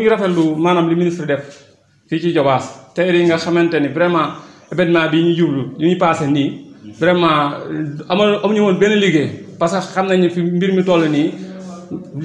ñu ngi rafetlu maanaam li ministre def fii ci Jobaas tey yi nga xamante ni vraiment événement bii ñu jublu ñu ñu passé nii vraiment euh, amoon amuñu woon benn liggéey parce que xam nañu fi mbir mi toll nii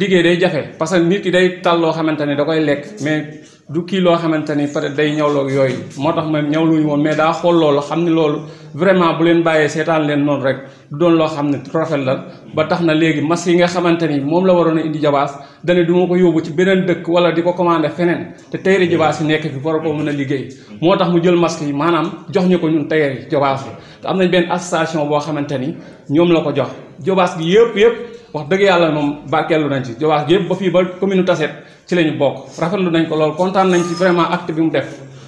liggéey day jafe parce que nit ki day tal loo xamante ni da koy lekk mais du kii loo xamante ni peut être day ñawloog yooyu moo tax man ñawluñu woon mais daa xool loolu xam ni loolu vraiment bu leen bàyyee seetaan leen noonu rek du doon loo xam ne rafet la ba tax na léegi masques yi nga xamante ni moom la waroon a indi jabaas dane duma ko yóbbu ci beneen dëkk wala di ko commandé feneen te tayari jabaas yi nekk fi war ko mën a liggéey moo tax mu jël masques yi maanaam jox ñu ko ñun tayari jabaas yi te am nañ benn association boo xamante ni ñoom la ko jox jabaas gi yëpp yëpp wax dëgg yàlla moom barkeelu nañ ci di wax yëpp ba fii ba commune Tasset ci la ñu bokk rafetlu nañ ko lool kontaan nañ ci vraiment acte bi mu def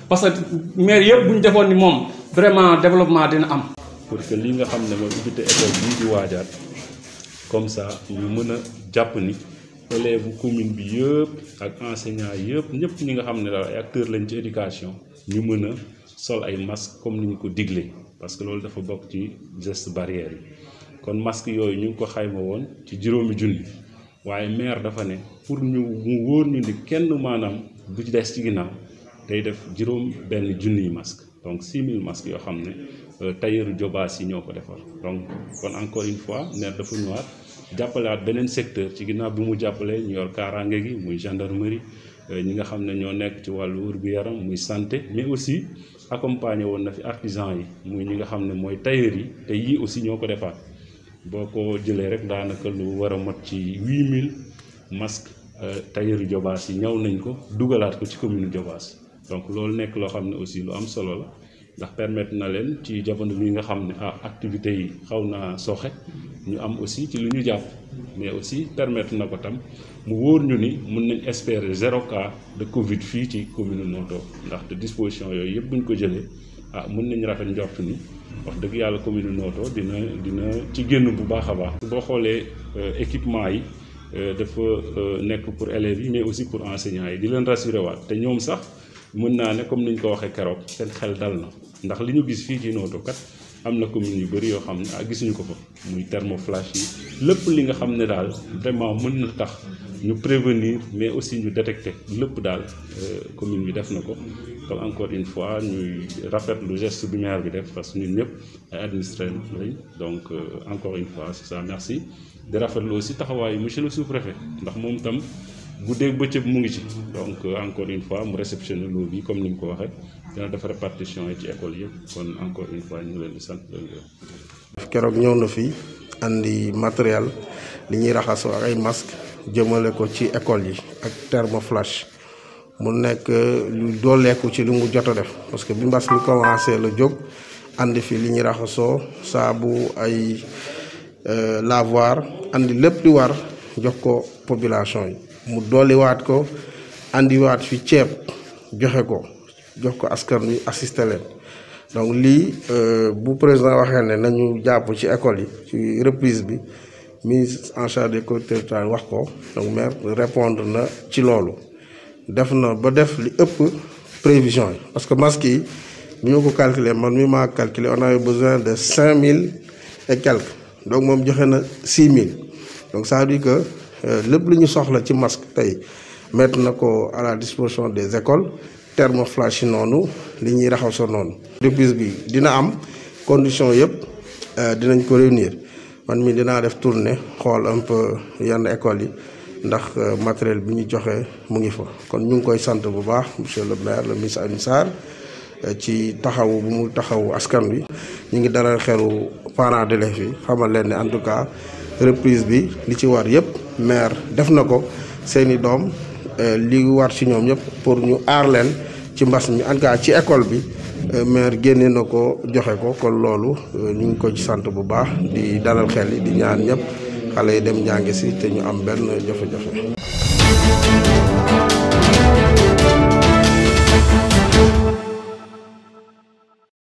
parce que maire yëpp bu ñu defoon ni moom vraiment développement dina am. pour que li nga xam ne mooy ubbite école bi di waajaat comme ça ñu mën a jàpp ni élèves commune bi yëpp ak enseignant yëpp ñëpp ñi nga xam ne daal ay acteurs lañ ci éducation ñu mën a sol ay masques comme ni ñu ko diglee parce que loolu dafa bokk ci geste barrière yi. kon masque yooyu ñu ngi ko xayma woon ci juróomi junni waaye maire dafa ne pour ñu mu wóor ñu ni kenn maanaam du des ci ginnaaw day def juróom benn yu masque donc 6000 masques yoo xam ne euh, tailleur jobaas yi ñoo ko defar donc kon encore une fois maire dafa ñëwaat jàppalewaat beneen secteur ci ginnaaw bi mu jàppalee ñu yor kaaraange gi muy gendarmerie euh, ñi nga xam ne ñoo nekk ci wàllu wër gu yaram muy santé mais aussi accompagné woon na fi artisan yi muy ñi nga xam ne mooy tailleur yi te yii aussi ñoo ko defaat boo ko jëlee rek daanaka lu war a mat ci huit mille masques euh, tailleur Jobaas yi ñaw nañ ko dugalaat ko ci commune Jobaas donc loolu nekk loo xam ne aussi lu am solo la ndax permettre na leen ci jamono bi nga xam ne ah activités yi xaw naa soxe ñu am aussi ci lu ñu jàpp mais aussi permettre na ko tam mu wóor ñu ni mun nañ espérer zéro cas de Covid fii ci commune Notto ndax te disposition yooyu yëpp ñu ko jëlee. ah mun nañu rafet njort ni wax dëgg yàlla commune Noto dina dina ci génn bu baax a baax. boo xoolee euh, équipement yi euh, dafa euh, nekk pour élèves yi mais aussi pour enseignants yi di leen rassuré waat te ñoom sax mun naa ne comme ni ñu ko waxee keroog seen xel dal na ndax li ñu gis fii ci Noto kat. am na commune yu bëri yoo xam ne ak ah, gisuñu ko fa muy thermoflash yi lépp li nga xam ne daal vraiment mën na tax ñu prévenir mais aussi ñu détecter lépp daal euh, commune bi def na ko kon encore une fois ñuy le geste bi maire bi def parce que ñun ñëpp ay administré lañ donc euh, encore une fois c'est ça merci di rafetlu aussi taxawaayu monsieur le sous-préfet ndax moom tam guddeeg bëccëg mu ngi ci donc euh, encore une fois mu réceptionné loo bi comme ni mu ko waxee dina def répartition yi ci école yëpp kon encore une fois ñu le leen di sant leen gërëm. keroog ñëw na fi andi matériel li ñuy raxasoo ak ay masques. Je ko ci école yi ak thermoflash mu nekk lu dooleeku ci lu mu jot parce que bi mbas mi commencé le jóg andi fi li raxasoo saabu ay euh, lavoir andi lépp li war jox ko population yi mu ko andiwaat fi ceeb joxe ko jox ko assisté donc lii euh, bu président waxee ne nañu jàpp ci école yi ci reprise mise en charge des collecteurs territoriales wax ko donc maire répondre na ci loolu def na ba def li ëpp prévision yi parce que masque yi ñu ko calculer man mi ma calculer on avait besoin de 5000 et quelques donc moom joxe na six mille donc ça veut dire que euh, lépp lu ñu soxla ci masque tey mettre na ko à la disposition des écoles thermoflash yi noonu li ñuy raxasoo noonu. reprise bi dina am condition yëpp euh, dinañ ko réunir. man mi dinaa def tournée xool un peu école yi ndax euh, matériel bi ñu joxe mu ngi fa kon ñu ngi koy sant bu baax monsieur le maire le ministre Alioune Sarr euh, ci taxawu bu mu taxawu askan wi ñu ngi dara xelu parent d'élèves yi xamal leen ne en tout cas reprise bi li ci war yëpp maire def na ko seeni doom euh, li war ci ñoom yëpp pour ñu aar leen ci mbas mi en ci école bi Euh, maire génne na ko joxe ko kon loolu euh, ñu ngi ko ci sant bu baax di dalal xel yi di ñaan ñëpp xale yi dem njàngi si te ñu am benn jafe-jafe